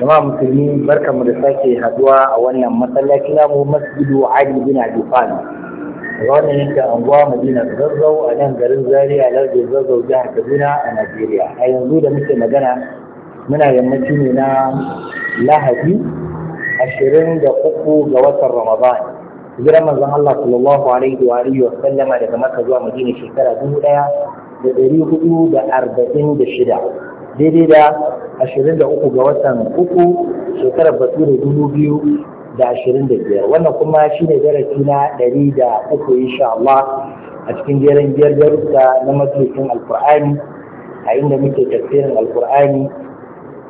jama'a musulmi barkanmu da sake haduwa a wannan masallaci namu masjidu ali bin abi talib daga wannan yankin anguwa madina zazzau a nan garin zaria lardi zazzau jihar kaduna a najeriya a yanzu da muke magana muna yammaci ne na lahadi ashirin da uku ga watan ramadan hijirar manzon allah sallallahu alaihi wa alihi wa sallama daga maka zuwa madina shekara dubu daya da ɗari hudu da arba'in da shida daidai da ashirin da uku ga watan uku shekarar dubu biyu da ashirin da biyar. wannan kuma shi shine darasi na uku insha Allah a cikin jerin biyar darussa na matukin alkur'ani a inda muke tafsirin alkur'ani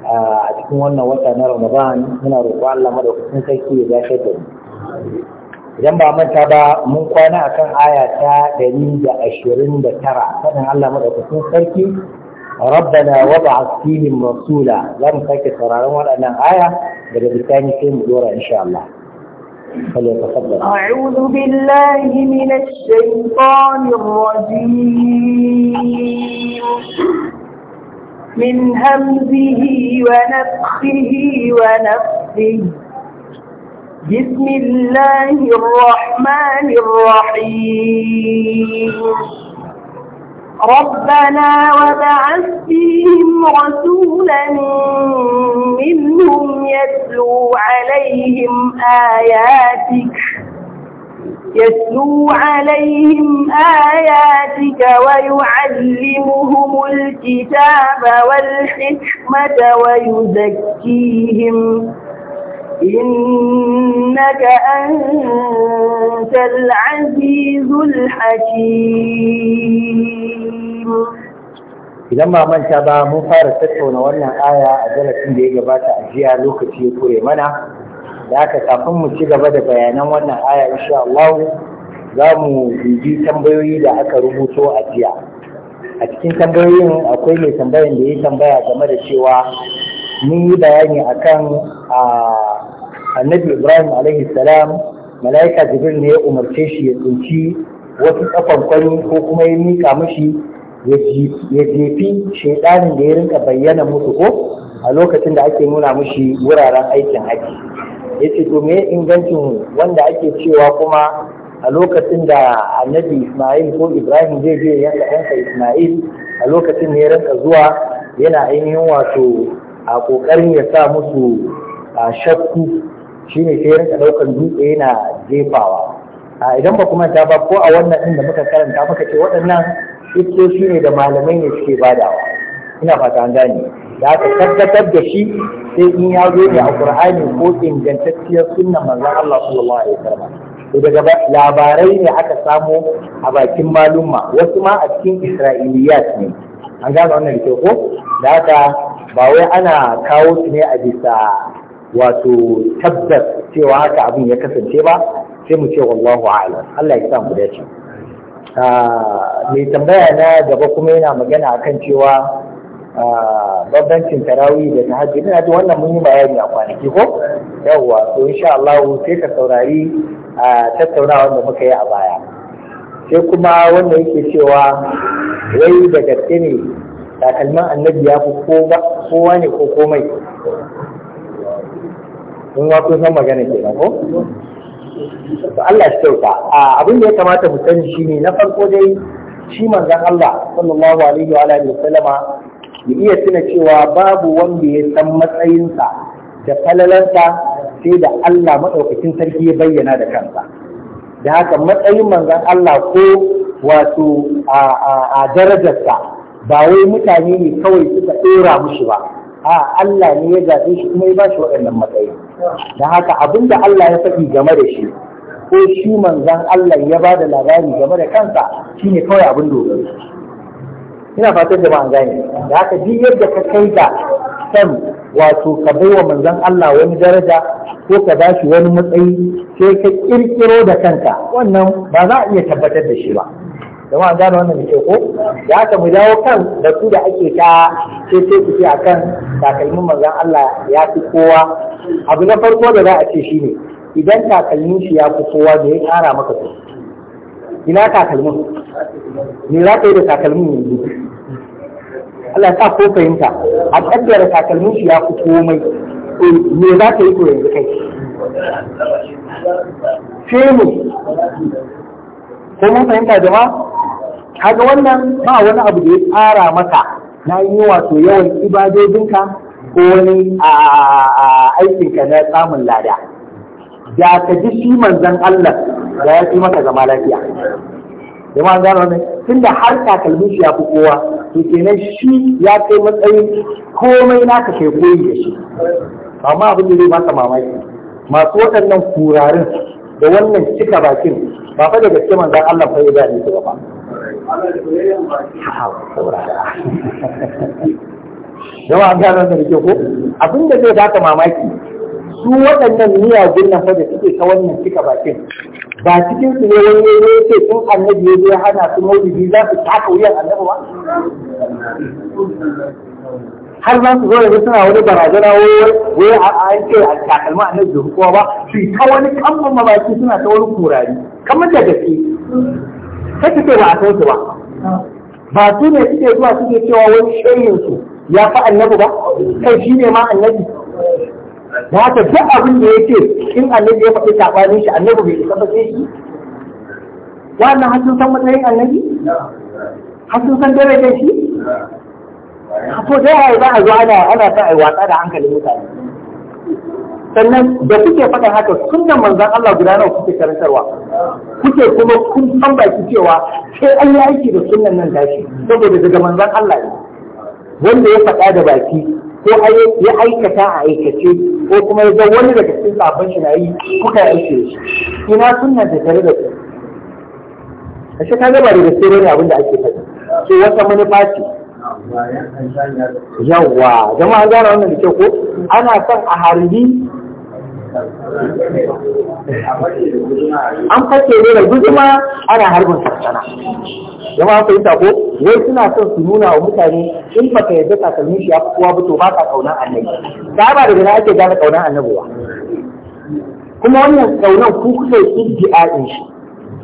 a cikin wannan wata na ramadan muna roƙo Allah madaukakin sarki ya gashe da mu idan ba manta ba mun kwana akan aya ta tara, fadin Allah madaukakin sarki ربنا وضعت فيهم رسولا لم فاكر قرارا ولا أنا آية بل بالتاني كم دورة إن شاء الله فليتفضل أعوذ بالله من الشيطان الرجيم من همزه ونفخه ونفخه بسم الله الرحمن الرحيم ربنا وبعث فيهم رسولا منهم يتلو عليهم آياتك يتلو عليهم آياتك ويعلمهم الكتاب والحكمة ويزكيهم إنك أنت العزيز الحكيم idan ba manta ba mun fara tattauna wannan aya a darasin da ya gabata a jiya lokaci ya kure mana da aka kafin mu ci gaba da bayanan wannan aya insha Allah za mu bibi tambayoyi da aka rubuto a jiya a cikin tambayoyin akwai mai tambayan da ya tambaya game da cewa mun yi bayani akan a ah, annabi ibrahim alaihi salam malaika jibril ne ya umarce shi ya tsinci wasu kwani ko kuma ya mika mishi ya jefi shaidanin da ya rinka bayyana musu ko a lokacin da ake nuna mishi wuraren aikin haji ya ce to me ingancin wanda ake cewa kuma a lokacin da annabi ismail ko ibrahim zai je yanka yanka ismail a lokacin ne ya rinka zuwa yana ainihin wato a kokarin ya sa musu a shakku shine sai ya rika daukan dutse yana jefawa a idan ba kuma ta ba ko a wannan din da muka karanta muka ce waɗannan shi ne da malamai ne suke badawa ina fata an gane da aka tabbatar da shi sai in ya zo ne a Qur'ani ko ingantacciyar sunan manzon Allah sallallahu alaihi wasallam to daga labarai ne aka samo a bakin malumma wasu ma a cikin Isra'iliyat ne an gane wannan da ko da aka ba wai ana kawo su ne a bisa wato tabbas cewa haka abin ya kasance ba sai mu ce wallahu a'lam Allah ya sa mu dace ah, mai tambaya na gaba kuma yana magana akan cewa ah, bambancin tarawi da tahajjud ina ji wannan mun yi bayani a kwanaki ko yawwa to insha Allah sai ka saurari ah, tattaunawa da muka yi a baya sai kuma wanda yake cewa wai da gaske ne takalman annabi ya fi kowa ne ko komai in ma san magana ke ko to Allah ya kyauta abin da ya kamata mu sani ne na farko dai shi manzon Allah sallallahu alaihi wa alihi wasallama ya iya tuna cewa babu wanda ya san matsayinsa da falalansa sai da Allah madaukakin sarki ya bayyana da kansa da haka matsayin manzon Allah ko wato a darajarsa ba wai mutane ne kawai suka ɗora mushi ba a Allah ne ya zaɓe shi kuma ya ba shi waɗannan matsayi don haka abin da Allah ya faɗi game da shi ko shi manzan Allah ya ba da labari game da kansa shine kawai abin dogaro ina fatan da an gane da haka duk yadda ka kai ga san wato ka bai wa manzan Allah wani daraja ko ka ba shi wani matsayi sai ka kirkiro da kanka wannan ba za a iya tabbatar da shi ba jama'a gane wannan da ko Ya haka mu dawo kan da su da ake ta ce ce ku a kan takalmin manzon Allah ya fi kowa abu na farko da za a ce shine idan takalmin shi ya fi kowa da ya kara maka to ina takalmin me za ka yi da takalmin yanzu Allah sa ko fahimta a kaddara takalmin shi ya fi komai eh, me za ka yi ko yanzu kai sai mu ko mun fahimta jama'a kaga wannan ba wani abu da ya tsara maka na yi wato yawan ibadodinka ko wani aikinka na samun lada da ka ji shi manzan Allah da ya fi maka zama lafiya da ma gano ne tun da har takalmin shi ya fi kowa to kenan shi ya kai matsayin komai naka kai koyi da shi amma abin da zai baka mamaki masu waɗannan kurarin da wannan cika bakin ba fa da gaske manzan Allah fa ya ne su ba yawa an gano da ke ko abin da zai baka mamaki su waɗannan miyagun nan da suke ta wannan cika bakin ba cikin su ne wani ne ce sun annabi ya zai hana su maulidi za su taka wuyan annabi ba har za su zo da suna wani barazana wai a an ce a takalma annabi da hukuma ba su yi ta wani kamman mamaki suna ta wani kurari kamar da gaske kake ce ba a san su ba ba su ne suke zuwa suke cewa wani shirin su ya fi annabi ba kai shi ne ma annabi da haka duk abin da ya ce in annabi ya faɗi saɓanin shi annabi bai isa ba shi wannan hasin san matsayin annabi hasin san darajar shi ko da yaya za a zo ana ana ta aiwata da hankalin mutane sannan da kuke faɗa haka sunan manzan Allah guda nawa kuke karantarwa kuke kuma kun san baki cewa sai an yi aiki da sunan nan gashi saboda daga manzan Allah ne wanda ya faɗa da baki ko ya aikata a aikace ko kuma ya ga wani daga cikin sabon shi na yi kuka yi aiki da shi ina sunan da tare da su? a shi ka gaba da gaske ne abin da ake faɗa ce wata manufa ce yawwa jama'a gane wannan da kyau ko ana son a harbi an fake ne da guduma ana harbin sassana zama an yi ko? wai suna son su nuna wa mutane in baka yadda takalmin shi ya fi kowa buto ba ka kaunar annabi ta ba daga na ake gane kaunar annabi ba kuma wannan kaunan ku kusa yi in shi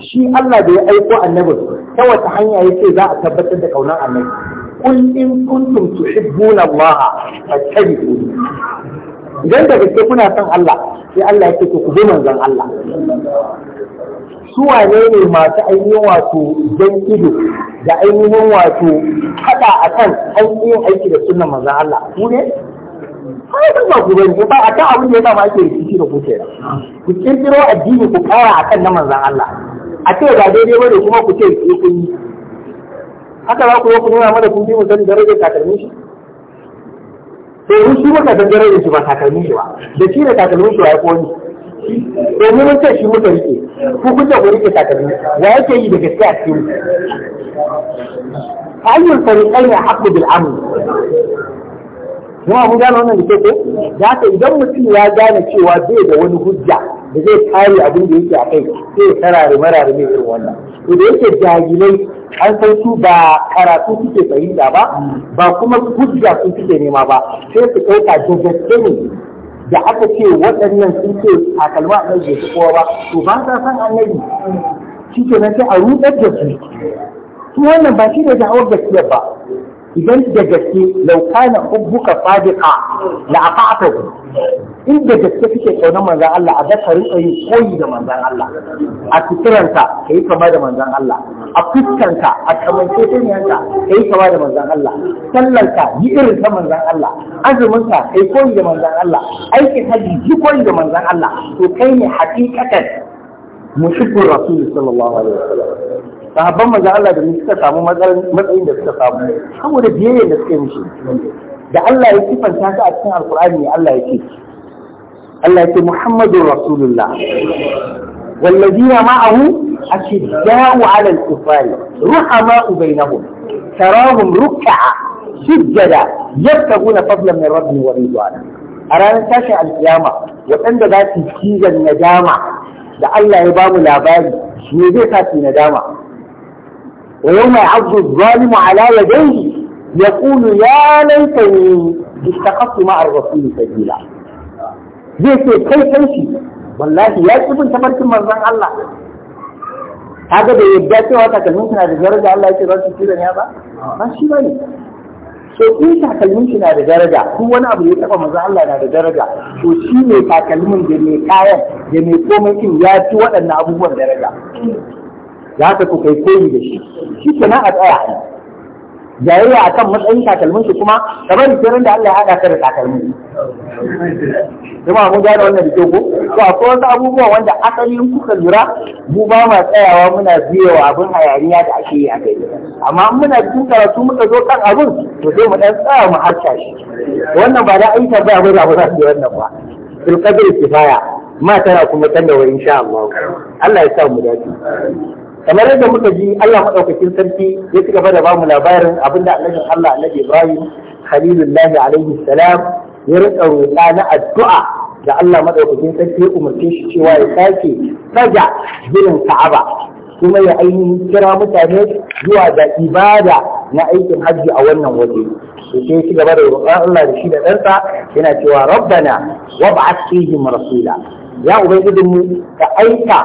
shi Allah da ya aiko annabi ta wata hanya ya ce za a tabbatar da kaunar annabi kun in kuntum tuhibbuna Allah fattabi'uni idan da gaske kuna son Allah sai Allah ya ce ku bi manzon Allah su wane ne masu ainihin wato jan ido da ainihin wato kada akan ainihin aiki da sunan manzon Allah ku ne ai ba ba ku bane ba akan abin da ya ma ake rikici da ku da ku kirkiro addini ku kara akan na manzon Allah a ce ba daidai bane kuma ku ce ku yi haka za ku yi ku nuna mana kun bi mu sani rage takalmin shi domin eh, shi muka dangare da shi ba takalmin shi ba da shi da takalmin shi ya koni domin eh, mun ce shi muka rike ku kuka ku rike takalmi wa yake yi da gaskiya a cikin ayyul fariqain haqqu bil amn kuma mun gane wannan da ko? da haka idan mutum ya gane cewa zai da wani hujja da zai kare abin da yake a kai sai ya karare marare mai irin wannan to da yake jahilai an san su ba karatu suke fahimta ba ba kuma hujja su suke nema ba sai su ɗauka da gaske ne da aka ce waɗannan sun ce a kalma a ɗauke su kowa ba to ba sa san annabi shi ke nan sai a rudar da su su wannan ba shi da hawar gaskiyar ba idan da gaske laukana hubbuka sadiqa la ata'tahu in da gaske kike kaunar manzon Allah a daka rika koyi da manzon Allah a fitiranka kai kama da manzon Allah a fuskanka a kamanceceniyarka kai kama da manzon Allah sallarka yi irin ta manzon Allah azuminka kai koyi da manzon Allah aikin haji yi koyi da manzon Allah to kai ne hakikatan mushibbu rasul sallallahu alaihi wasallam sahabban manzo Allah da suka samu matsayin da suka samu saboda biyayyar da suka mishi da Allah ya sifanta ka a cikin alkur'ani Allah ya ce Allah ya ce Muhammadur Rasulullah والذين معه أشداء على الكفار رحماء بينهم تراهم ركعا سجدا يبتغون فضلا من A ورضوانا أرانا تاشع القيامة وأن ذات تيجا الندامة da Allah ya bamu labari me zai sa nadama ويوم يعض الظالم على يديه يقول يا ليتني اشتقت مع الرسول سبيلا zai ce kai kai shi wallahi ya ci bin tabarkin manzon Allah kaga da yadda cewa takalmin suna da daraja Allah ya ce za su ci ba ba shi bane so in takalmin na da daraja ko wani abu ya taba manzon Allah na da daraja to shi ne takalmin da mai kayan da mai komai ya ci waɗannan abubuwan daraja za ka ku kai koyi da shi shi kenan a tsaya a jayayya a kan matsayin takalmin shi kuma kamar kiran da Allah ya haɗa ka da takalmi kuma mun da wannan da ko to akwai wasu abubuwa wanda asalin kuka lura mu ba ma tsayawa muna biyewa abin hayaniya da ake yi a kai amma muna cikin karatu muka zo kan abin to sai mu dan tsaya mu harka shi wannan ba da aika ba ba da ba da wannan ba fil kifaya ma tana kuma tanda wa insha Allah Allah ya sa mu dace kamar yadda muka ji Allah madaukakin sarki ya ci gaba da ba mu labarin abinda annabin Allah annabi Ibrahim khalilullahi alaihi salam ya rika roƙa na addu'a da Allah madaukakin sarki ya umarce shi cewa ya sake saja ginin Ka'aba kuma ya ainihin kira mutane zuwa da ibada na aikin hajji a wannan waje to sai ci gaba da roƙon Allah da shi da ɗansa yana cewa rabbana wab'ath fihim rasula ya ubangijinmu ka aika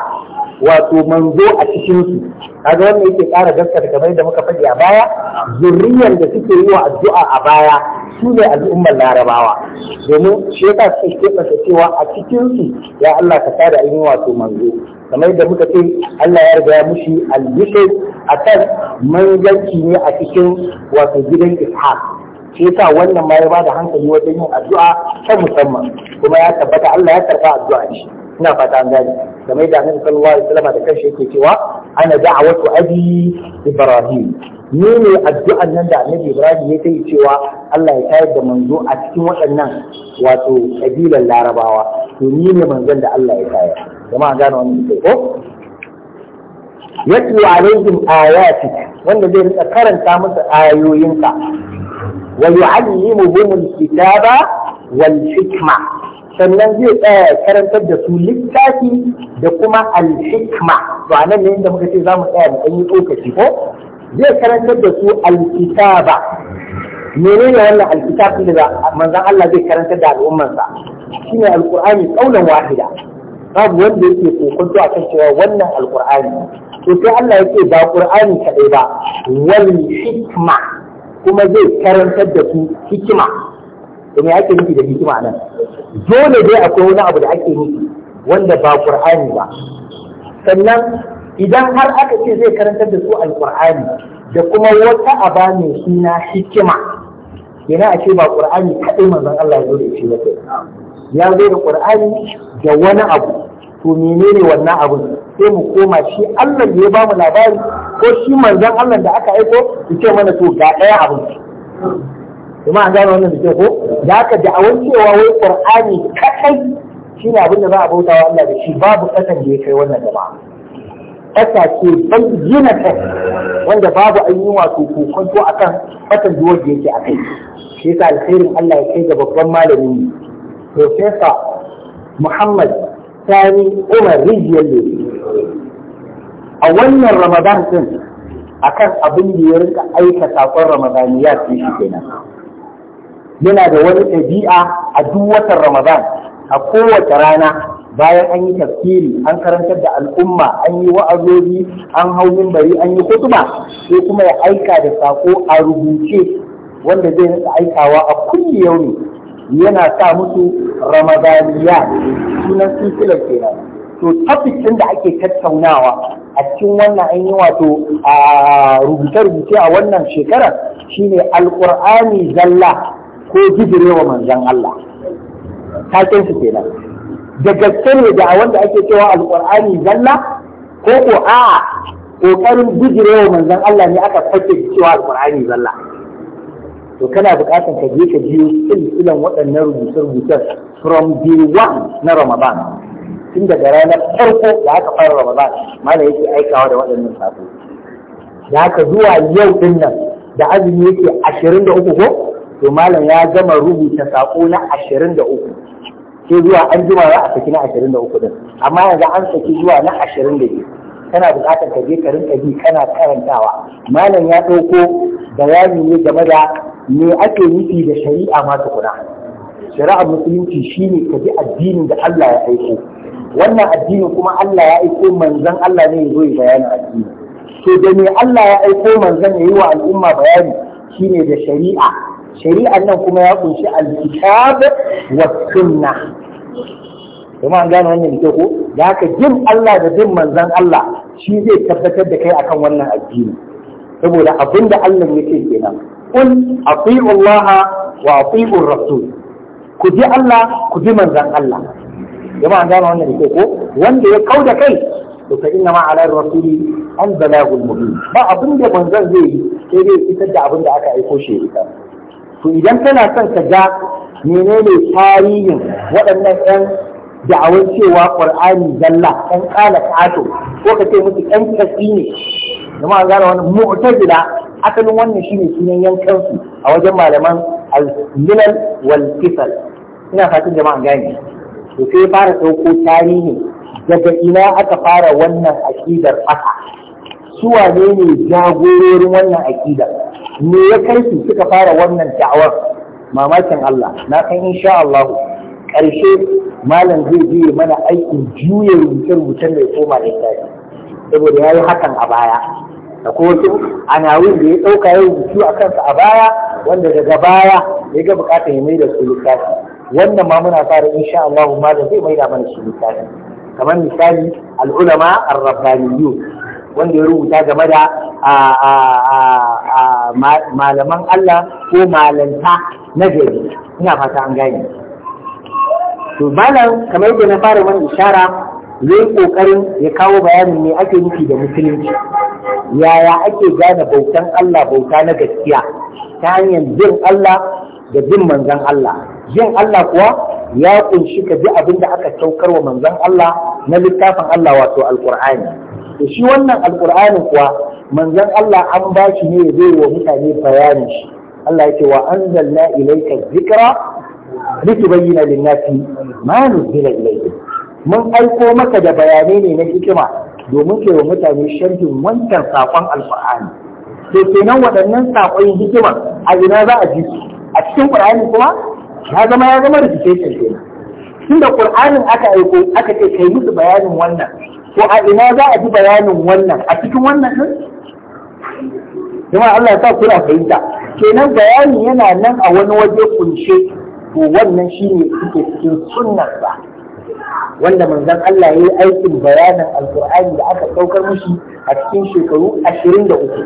wato manzo a cikin su kaga wannan yake ƙara gaskata kamar da muka faɗi a baya zuriyar da suke yi wa addu'a a baya su ne al'ummar larabawa domin shi sa suke kebata cewa a cikin su ya Allah ka da ainihin wato manzo kamar da muka ce Allah ya riga ya mushi a akan manzanci ne a cikin wato gidan Ishaq shi sa wannan ma ya bada hankali wajen yin addu'a ta musamman kuma ya tabbata Allah ya karba addu'a shi ina fata an gane mai da annabi sallallahu alaihi wasallam da kanshi yake cewa ana da'awatu abi ibrahim ni ne addu'an nan da annabi ibrahim ya kai cewa Allah ya tayar da manzo a cikin waɗannan wato kabilan larabawa to ni ne manzon da Allah ya tayar jama'a gane wannan ke ko yatlu alaihim ayati wanda zai rika karanta musu ayoyinka wa yu'allimuhum alkitaba wal hikma sannan zai tsaya karantar da su littafi da kuma al-hikma. to anan ne inda muka ce za mu tsaya mu ɗanyi tsokaci ko zai karantar da su al-kitaba. menene wannan alkitab da manzon Allah zai karantar da al'ummansa shine alqur'ani kaulan wahida babu wanda yake kokonto akan cewa wannan alqur'ani to sai Allah yake ba qur'ani kadai ba wal hikma kuma zai karantar da su hikima to ake nufi da hikima nan dole dai akwai wani abu da ake nufi wanda ba qur'ani ba sannan idan har aka ce zai karantar da su alqur'ani da kuma wata aba mai suna hikima yana a ce ba qur'ani kadai manzon Allah ya zo da shi ba ya zo da qur'ani da wani abu to menene wannan abun sai mu koma shi Allah da ya bamu labari ko shi manzon Allah da aka aiko ya ce mana to ga ɗaya abin kuma an gane wannan da ke ko da haka cewa wai qur'ani kadai ne abin da za a bautawa Allah da shi babu kasan da ya kai wannan gaba. kasa ce bayyana ta wanda babu an yi wato kokonto akan fatan duwar da yake akai shi yasa alkhairin Allah ya kai ga babban malamin Professor Muhammad Sani Umar Rijiyar a wannan Ramadan din akan abin da ya rinka aika sakon fi shi kenan yana da wani ɗabi'a a duk watan Ramadan a kowace rana bayan an yi tafsiri an karantar da al'umma an yi wa'azozi an hau mimbari an yi kutuba sai kuma ya aika da sako a rubuce wanda zai nasa aikawa a kulli yaumi yana sa musu ramadaniya sunan sisilar kenan to topic ɗin da ake tattaunawa a cikin wannan an yi wato a rubuce-rubuce a wannan shekarar shine alkur'ani zalla ko wa manzan Allah taken su kenan da gaske ne da wanda ake cewa alqur'ani zalla ko ko a kokarin wa manzan Allah ne aka fake cewa alqur'ani zalla to kana bukatan ka je ka biyo silsilan waɗannan rubutun rubutun from day one na Ramadan tun daga ranar farko da aka fara Ramadan mana yake aikawa da waɗannan safo da aka zuwa yau dinnan da azumi yake ashirin da uku ko to malam ya gama rubuta sako na ashirin da uku sai zuwa an jima za a saki na ashirin da uku din amma yanzu an saki zuwa na ashirin da biyu kana buƙatar ka je ka rinka bi kana karantawa malam ya ɗauko bayani ne game da me ake nufi da shari'a masu kuna?" shari'ar musulunci shine ka bi addinin da Allah ya aiko wannan addinin kuma Allah ya aiko manzon Allah ne ya zo ya bayanin addini to da me Allah ya aiko manzon ya yi wa al'umma bayani shine da shari'a shari'ar nan kuma ya kunshi alkitab wa sunna kuma an gane wannan da ko da haka jin Allah da jin manzon Allah shi zai tabbatar da kai akan wannan addini saboda abin da Allah yake kenan qul atiu Allah wa atiu rasul ku ji Allah ku ji manzon Allah kuma an gane wannan da ko wanda ya kauda kai to fa inna ma ala rasuli an balagul mubin ba abin da manzon zai yi sai dai isar da abin da aka aiko shi ya to idan kana son ka ga menene tarihin waɗannan 'yan da'awar cewa ƙur'ani zalla ɗan ƙala ƙato ko ka ce musu ƴan katsi ne jama'a gane wannan mu'tazila asalin wannan shine sunan yankansu a wajen malaman al-milal wal kisal ina fatan jama'a gane to sai fara ɗauko tarihi daga ina aka fara wannan aƙidar aka su wane ne jagororin wannan aƙidar me ya karfi suka fara wannan da'awar mamakin Allah na san insha Allah ƙarshe malam zai biye mana aikin juya rubuce-rubucen da ya koma littafi saboda ya yi hakan a baya da kotu anawin da ya ɗauka ya rubutu a kansa a baya wanda daga baya ya ga bukatar ya maida su lissafi wannan ma muna fara insha Allah malam zai maida mana su littafi kamar misali al'ulama ar-rabbaniyyu wanda ya rubuta game da malaman Allah ko malanta na gari ina fata an gane to malam kamar yadda na fara wani ishara zai kokarin ya kawo bayanin ne ake nufi da musulunci yaya ake gane bautan Allah bauta na gaskiya ta hanyar jin Allah da jin manzon Allah jin Allah kuwa ya kunshi ka ji abin da aka saukar wa manzon Allah na littafin Allah wato alkur'ani to shi wannan alqur'ani kuwa manzon Allah an ba shi ne ya zai wa mutane bayani shi Allah yake wa anzalna ilayka dhikra litubayyana lin-nasi ma nuzila ilayhim mun aiko maka da bayanai ne na hikima domin kai wa mutane sharhin wancan sakon alqur'ani to kenan waɗannan sakon hikima a ina za a ji a cikin qur'ani kuma ya zama ya zama rikice kenan tunda qur'anin aka aiko aka ce kai musu bayanin wannan ko a ina za a ji bayanin wannan a cikin wannan din jama'a Allah ya sa kuna fahimta kenan bayani yana nan a wani waje kunshe to wannan shine suke cikin sunnar sa wanda manzon Allah ya yi aikin bayanin alkur'ani da aka saukar mushi a cikin shekaru ashirin da uku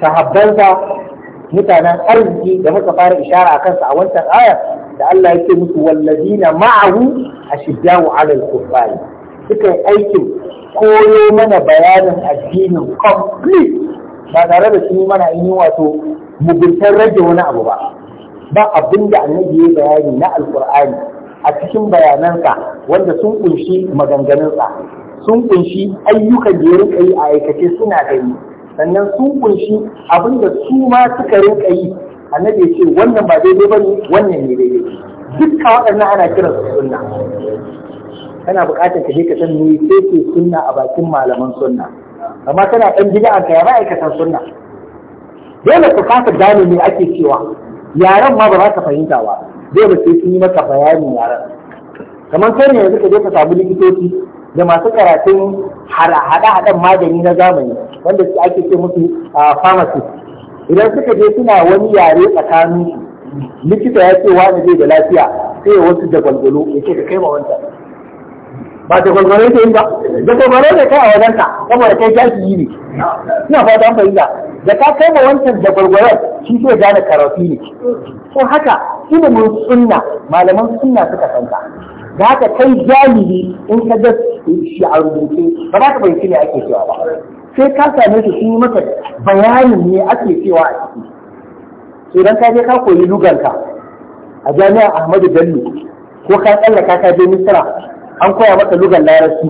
sahabbansa mutanen arziki da muka fara ishara a kansa a wancan ayar da Allah yake musu wallazina ma'ahu ashiddahu 'alal kuffari suka yi aikin koyo mana bayanin addinin complete ba tare da sun yi mana yi wato muguntar rage wani abu ba ba abin da annabi ya bayani na alkur'ani a cikin bayanansa wanda sun kunshi maganganunsa sun kunshi ayyukan da ya rinka yi a aikace suna gani sannan sun kunshi abin da su ma suka rinka yi annabi ce wannan ba daidai ba ne wannan ne daidai dukkan waɗannan ana kiransa sunna kana buƙatar ka je ka san me ce sunna a bakin malaman sunna amma kana ɗan bid'a ka ya ma'aikatan sunna dole ka kafa gane me ake cewa yaran ma ba za ka fahimta ba dole sai sun yi maka bayanin yaran kamar sai ne yanzu ka je ka samu likitoci da masu karatun hada-hadan magani na zamani wanda su ake ce musu a pharmacist idan suka je suna wani yare tsakanin likita ya ce wani zai da lafiya sai wasu da gwalgwalo ya ce ka kai ma wancan ba da gwalgwaro ke yi ba da gwalgwaro da kai a wajenka saboda kai yi ne ina fata an fahimta da ka kai ma wancan da gwalgwaro shi zai gane karafi ne ko haka ilimin sunna malaman sunna suka santa da haka kai jami'i in ka ga shi a rubuce ba za ka fahimci ne ake cewa ba sai ka same shi sun yi maka bayanin ne ake cewa a ciki idan ka je ka koyi luganka a jami'ar Ahmadu Bello ko ka tsallaka ka je Misra an koya masa lugan larabci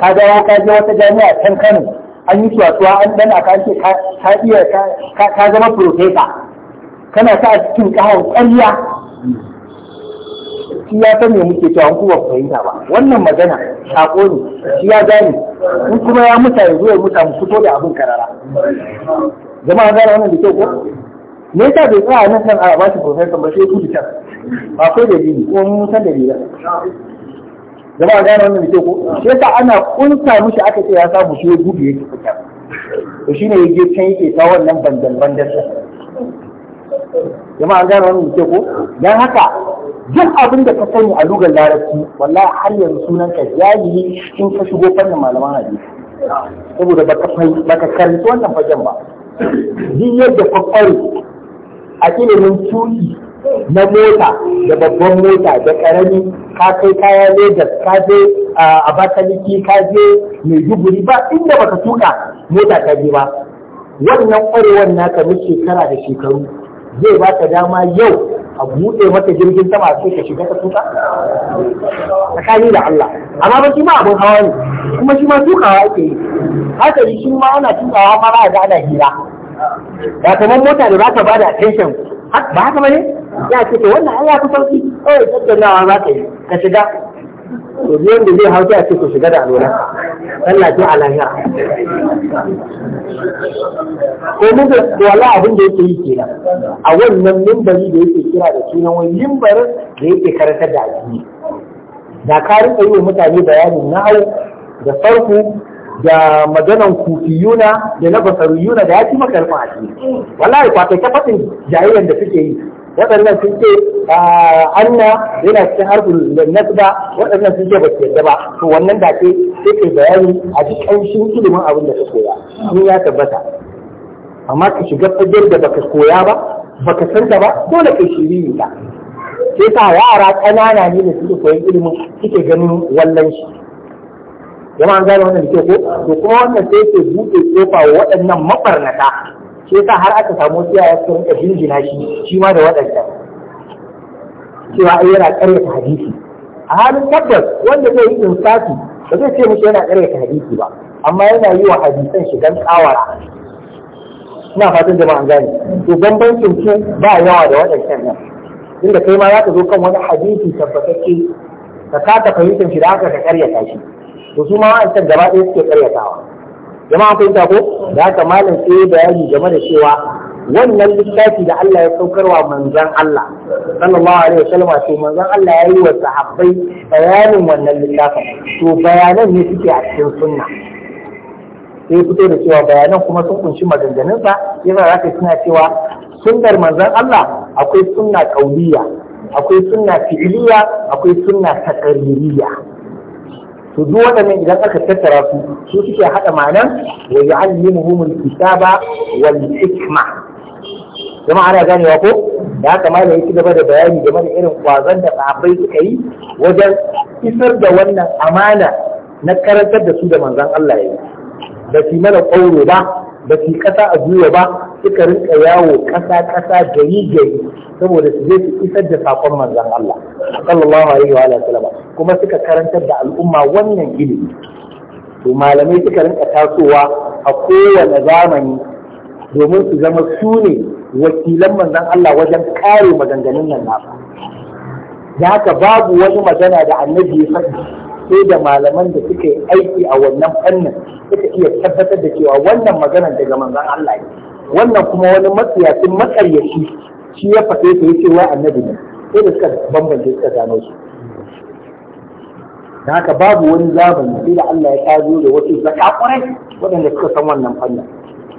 ka ga ya ka je wata jami'a can Kano an yi tuwatuwa an dan aka ce ka iya ka zama profesa kana ta a cikin kahon kwalliya. shi ya san me muke cewa ku fahimta ba wannan magana sako ne shi ya gane in kuma ya mutu yanzu ya mutu, mu fito da abin karara jama'a gane wannan da kyau ko me yasa bai tsaya nan kan a ba shi profesa ba sai gudu can da dalili ko mun san da dalilin Zama a gane wannan da ko shi yasa ana kunta mishi aka ce ya samu shi ya gudu yake fita to shine ya je can yake ta wannan bandan bandan sa jama'a gane wannan da ko dan haka duk abin da ka sani a lugar larabci wallahi har yanzu sunan ka jahili in ka shigo fannin malaman hadisi saboda baka baka karanci wannan fagen ba duk yadda ka a ilimin tuki na mota da babban mota da karami ka kai kaya Legas ka je a Bakaliki ka je duburi ba inda baka tuka mota ka je ba wannan kwarewar naka mu shekara da shekaru zai ka dama yau a buɗe maka jirgin sama a ka shiga ka tuka tsakani da Allah amma ba shi ma abin hawa ne kuma shi ma tukawa ake yi haka shi ma ana tukawa ma ba ga ana hira ba kamar mota da za ka da attention ba haka bane ya ce to wannan an ya fi sauki kawai tattaunawa za ka yi ka shiga to biyan da zai hau sai a ce ku shiga da alwala sallah ce a ko mun ga wala abin da yake yi kenan a wannan mimbari da yake kira da sunan wani mimbarin da yake karantar da addini da ka rika yi wa mutane bayanin nahau da farko da maganan kufiyuna da na basaruyuna da ya ci makarfin addini wallahi kwatai ta faɗin jayayen da suke yi waɗannan sun ce ah, anna yana cikin harfin nasba waɗannan sun ce ba su yarda ba to wannan da ke sai kai bayani a duk ƙanshin ilimin abin da ka koya in ya tabbata amma ka shiga fajar da baka koya ba baka san ta ba dole ka shiri ta sai sa yara ƙanana ne da suke koyan ilimin suke ganin wallan shi jama'a an gane wannan da ke ko to kuma wannan sai ke buɗe kofa waɗannan mafarnata shi yasa har aka samu tsaya su rinka jinjina shi shi ma da waɗancan cewa ai yana ƙaryata hadisi a halin tabbas wanda zai yi insafi ba zai ce musu yana ƙaryata hadisi ba amma yana yi wa hadisan shigan tsawara. ina fatan jama'a an gane to bambancin ku ba yawa da waɗancan nan inda kai ma za ka zo kan wani hadisi tabbatacce ka kasa fahimtar shi da haka ka ƙaryata shi to su ma wa'ancan gaba ɗaya suke ƙaryatawa jama'a kun ta ko da haka malam sai ya bayani game da cewa wannan littafi da Allah ya saukarwa manzon Allah sallallahu alaihi wasallam to manzon Allah ya yi wa sahabbai bayanin wannan littafin to bayanan ne suke a cikin sunna sai fito da cewa bayanan kuma sun kunshi maganganunsa yana za ka suna cewa sunnar manzon Allah akwai sunna kauliya akwai sunna fi'iliya akwai sunna takaririya to duk waɗannan idan aka tattara su su suke haɗa ma'anan wa yu'allimuhumul kitaba wal hikma jama'a ana ganewa ko da haka malai ya ci gaba da bayani game da irin kwazon da sahabbai suka yi wajen isar da wannan amana na karantar da su da manzon Allah ya yi ba su mana ƙauro ba ba su kasa a gwiwa ba suka rinka yawo kasa kasa gari gari saboda su je su isar da sakon manzon Allah sallallahu alaihi wa sallam kuma suka karantar da al'umma wannan ilimi to malamai suka rinka tasowa a kowane zamani domin su zama su ne wakilan manzon Allah wajen kare maganganun nan nasa da haka babu wani magana da annabi ya faɗi sai da malaman da suka yi aiki a wannan fannin suka iya tabbatar da cewa wannan maganar daga manzon Allah ne wannan kuma wani matsiyacin matsaryaci shi ya faɗe ya yace wai annabi ne sai da suka bambance suka gano su da haka babu wani zamani sai da Allah ya tazo da wasu zakakurai waɗanda suka san wannan fannin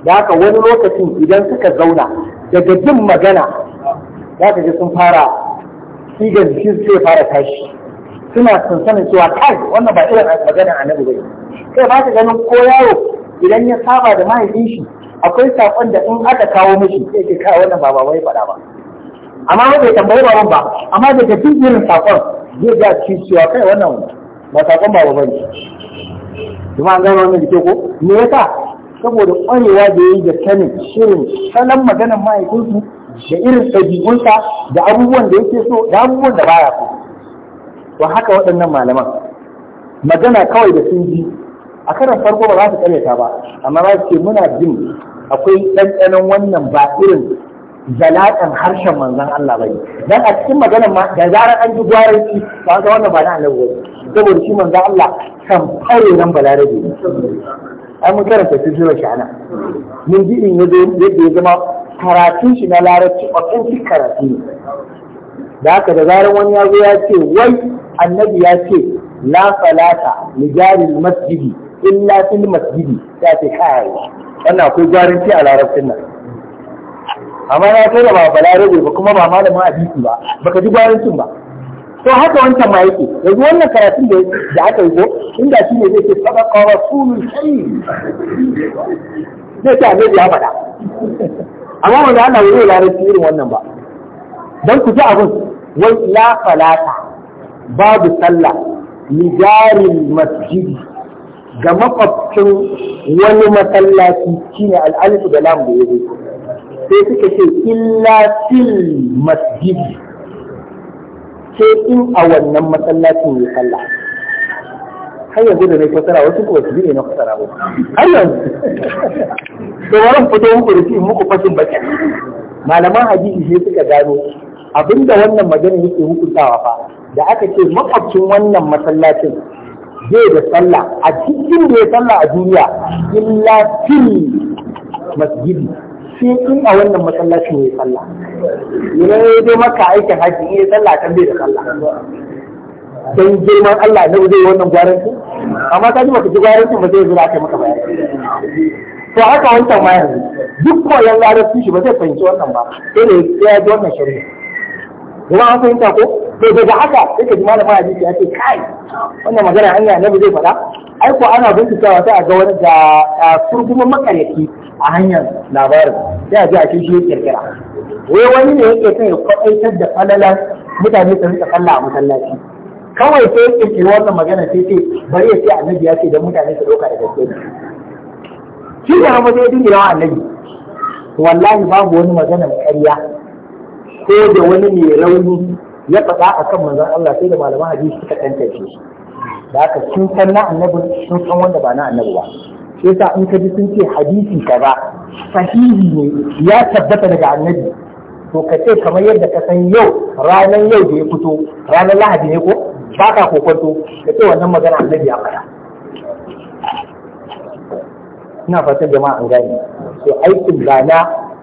da haka wani lokacin idan suka zauna daga jin magana za ka ji sun fara sigar shi zai fara tashi suna sansanin cewa kai wannan ba irin a annabi bai kai ba ta ganin ko yaro idan ya saba da mahaifin shi akwai sakon da in aka kawo mishi sai ke kawo wannan ba ba wai faɗa ba amma ba bai tambayi ba ba amma daga duk irin sakon zai ga cewa kai wannan ba sakon ba ba ne kuma an gano wannan ko me yasa saboda ƙwarewa da yayi da sanin shirin salon maganar mahaifinsu da irin ɗabi'unsa da abubuwan da yake so da abubuwan da baya so to haka waɗannan malaman magana kawai da sun ji a karan farko ba za su karyata ba amma za su ce muna jin akwai ɗanɗanon wannan ba irin zalaƙan harshen manzon Allah bane dan a cikin maganar ma da zarar an ji gwaranci ba ga wannan ba na annabi bane saboda shi manzon Allah kan fare nan balarabe ne ai mun karanta su jira shi ana mun ji in yazo yadda ya zama karatun shi na larabci authentic karatu ne da haka da zarar wani ya zo ya ce wai annabi ya ce la salata li jaril masjidi illa fil masjidi ya ce kai wannan akwai garanti a larabcin nan amma ya kai da ba balarabe ba kuma ba malamin hadisi ba baka ji garantin ba to haka wancan ma yake yanzu wannan karatun da da aka yi ko inda shi ne zai ce sadaqa rasulul karim zai ce annabi ya faɗa amma wanda ya yi larabci irin wannan ba dan ku ji abin wai la salata babu sallah lijarin masjidi ga makwabcin wani masallaci shine al'alifu da lam da yake sai suka ce illa fil masjidi ce in a wannan masallacin ya sallah har yanzu da mai fasara wasu kuma su ne na fasara ba har yanzu to wannan fito muku da shi muku fashin baki malaman hadisi sai suka gano abinda wannan magana yake hukuntawa fa da aka ce makwabcin wannan masallacin zai da sallah a cikin da ya sallah a duniya illa fil masjidi sai in a wannan masallacin ya sallah yana ya dai maka aikin haji in ya sallah kan bai da sallah don girman Allah na zai wannan gwaranci amma ta ji baka ji gwaranci ba zai zura kai maka bayani to haka wancan ma yanzu duk koyon larabci shi ba zai fahimci wannan ba sai da ya ji wannan shari'a kuma an fahimta ko to daga haka sai ka ji malama hadisi ya ce kai wannan magana hanya annabi zai faɗa ai ko ana bincikawa sai a ga wani da kurgumin makaryaci a hanyar labarin sai a ji a shi kirkira wai wani ne yake son ya kwaɗaitar da falalan mutane su rinka sallah a masallaci kawai sai ya kirkiri wannan magana sai ce bari ya ce annabi ya ce don mutane su ɗauka da gaske shi ne hama sai ya dingira wa annabi wallahi babu wani magana ƙarya ko da wani mai rauni ya faɗa a kan manzon Allah sai da malaman hadisi suka tantance shi da aka sun san na annabi sun san wanda ba na annabi ba Sai sa in ka ji sun ce hadisi kaza sahihi ne ya tabbata daga annabi to ka ce kamar yadda ka san yau ranar yau da ya fito ranar lahadi ne ko ba ka kokonto ka ce wannan magana annabi ya faɗa ina fatan jama'a an gane to aikin ba na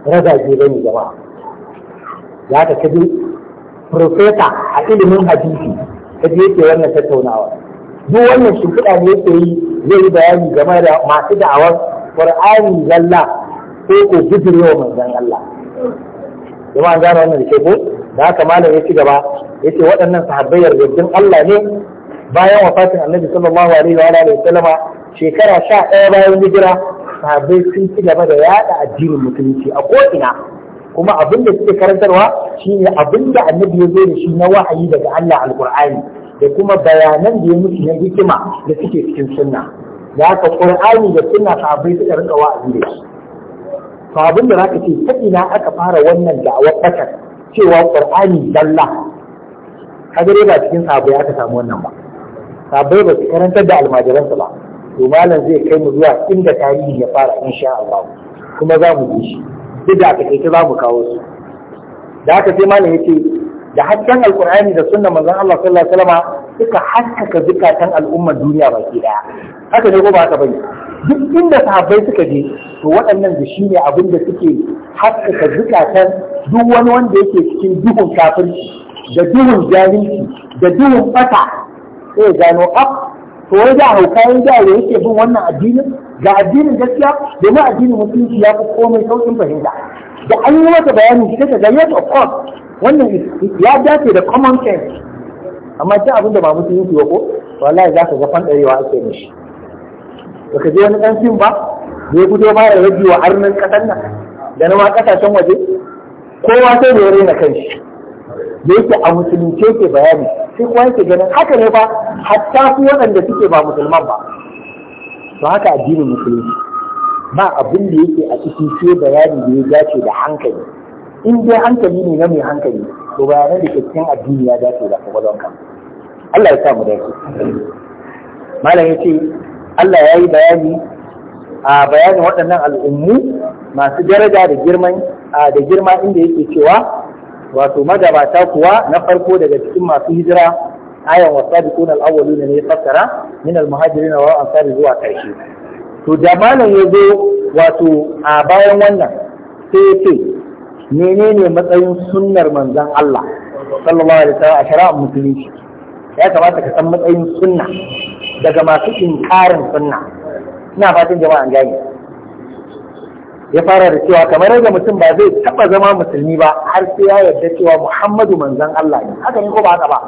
ragaje bane jama'a za ka kaji profesa a ilimin hadisi kaji yake wannan tattaunawa duk wannan shimfiɗa ne yake yi zai yi bayani game da masu da'awar qur'ani zalla ko ko bidirewa manzon Allah jama'an gane wannan da ke ko da haka malam ya ci gaba ya ce waɗannan sahabbai yardaddun Allah ne bayan wafatin annabi sallallahu alaihi wa alihi wasallama shekara sha ɗaya bayan hijira sahabbai sun ci gaba da yaɗa addinin musulunci a ko'ina kuma abin da suke karantarwa shine abin da annabi ya zo da shi na wa'ayi daga Allah alqur'ani da kuma bayanan da ya mutu na hikima da suke cikin sunna da haka qur'ani da sunna sahabbai suka rinka wa'azi da shi to abin da zaka ce ta ina aka fara wannan da'awar fatar cewa qur'ani dalla kaga dai ba cikin sahabbai aka samu wannan ba sahabbai ba su karantar da almajiransu ba to malam zai kai mu zuwa inda tarihi ya fara insha Allah kuma za mu ji shi duk da kai za mu kawo su da haka sai malam yace da hasken alqur'ani da sunnar manzon Allah sallallahu alaihi wasallam suka haskaka zukatan al'ummar duniya baki daya haka ne ko ba haka bane duk inda sahabbai suka je to waɗannan da shine abin da suke haskaka zukatan duk wani wanda yake cikin duhun kafirci da duhun jahilci da duhun fata sai gano ab to wai da hauka ya da ya yake bin wannan addinin ga addinin gaskiya domin addinin musulunci ya fi komai saukin fahimta da an yi masa bayani shi ta yes of course wannan ya dace da common sense amma ta abin da ba musulunci ba ko wallahi za ka ga fandarewa ake mishi baka je wani dan fim ba zai gudo fito ba ya rabi wa arnin ƙasar nan da na ma kasashen waje kowa sai da ya raina kanshi da yake a musulunce ke bayani sai kuma yake ganin haka ne ba hatta su waɗanda suke ba musulman ba to haka addinin musulunci ba abin da yake a cikin sai bayani da ya dace da hankali in dai hankali ne na mai hankali to bayanan da ke cikin addini ya dace da kwakwalwanka Allah ya sa mu dace malam ya ce Allah ya yi bayani a bayanin waɗannan al'ummu masu daraja da girman da girma inda yake cewa wato magabata kuwa na farko daga cikin masu hijira ayan wasabiqun al na ne fassara min al-muhajirin wal zuwa karshe to da malam ya zo wato a bayan wannan sai ya ce menene matsayin sunnar manzon Allah sallallahu alaihi wasallam a shari'ar musulunci ya kamata ka san matsayin sunna daga masu inkarin sunna ina fatan jama'a an gane ya fara da cewa kamar yadda mutum ba zai taba zama musulmi ba har sai ya yarda cewa Muhammadu manzon Allah ne haka ne ko ba haka ba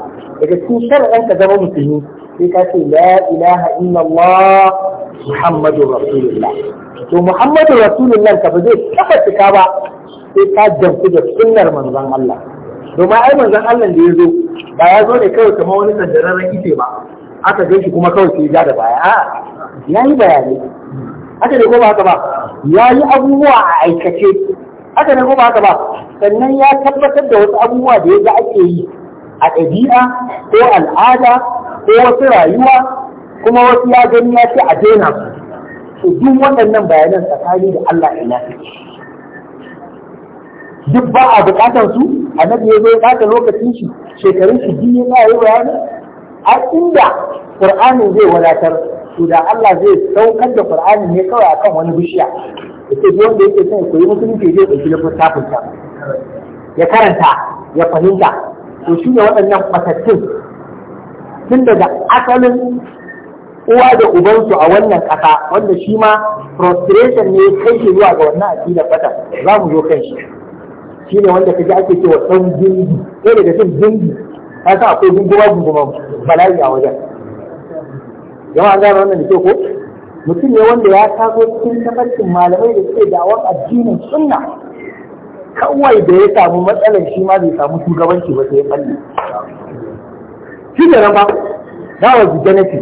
daga cikin shar'an ka zama musulmi sai ka ce la ilaha illallah Muhammadu rasulullah to Muhammadu rasulullah ka ba zai taba cika ba sai ka jamsu da sunnar manzon Allah domin ai manzon Allah da ya zo ba ya zo ne kawai kamar wani sandararren ice ba aka gan shi kuma kawai sai ya da baya a'a ya yi bayanai haka ne ko ba haka ba ya yi abubuwa a aikace haka ne ko ba haka ba sannan ya tabbatar da wasu abubuwa da yadda ake yi a ɗabi'a ko al'ada ko wasu rayuwa kuma wasu ya gani ya ce a daina su duk waɗannan bayanan tsakani da Allah ya lafi duk ba a bukatar su annabi ya zo ya ɓata lokacin shi shekarun shi biyu ya sa yi bayani a inda Qur'anin zai wadatar to da Allah zai saukar da Qur'ani ne kawai akan wani bishiya yake duk wanda yake son koyi musulunci zai dauki littafin ta ya karanta ya fahimta to shi ne waɗannan matattun tun daga asalin uwa da ubansu a wannan ƙasa wanda shi ma prostration ne kai ke zuwa ga wannan aƙidar fata za mu zo kan shi shi ne wanda kaji ake cewa ɗan dingi ɗaya daga cin dingi ka akwai gunguma gunguma bala'i a wajen yawa an gano wannan da ko mutum ne wanda ya taso cikin tafarkin malamai da suke da'awar addinin sunna kawai da ya samu matsalar shi ma bai samu shugabanci ba sai ya falle shi da ba dawa jiganati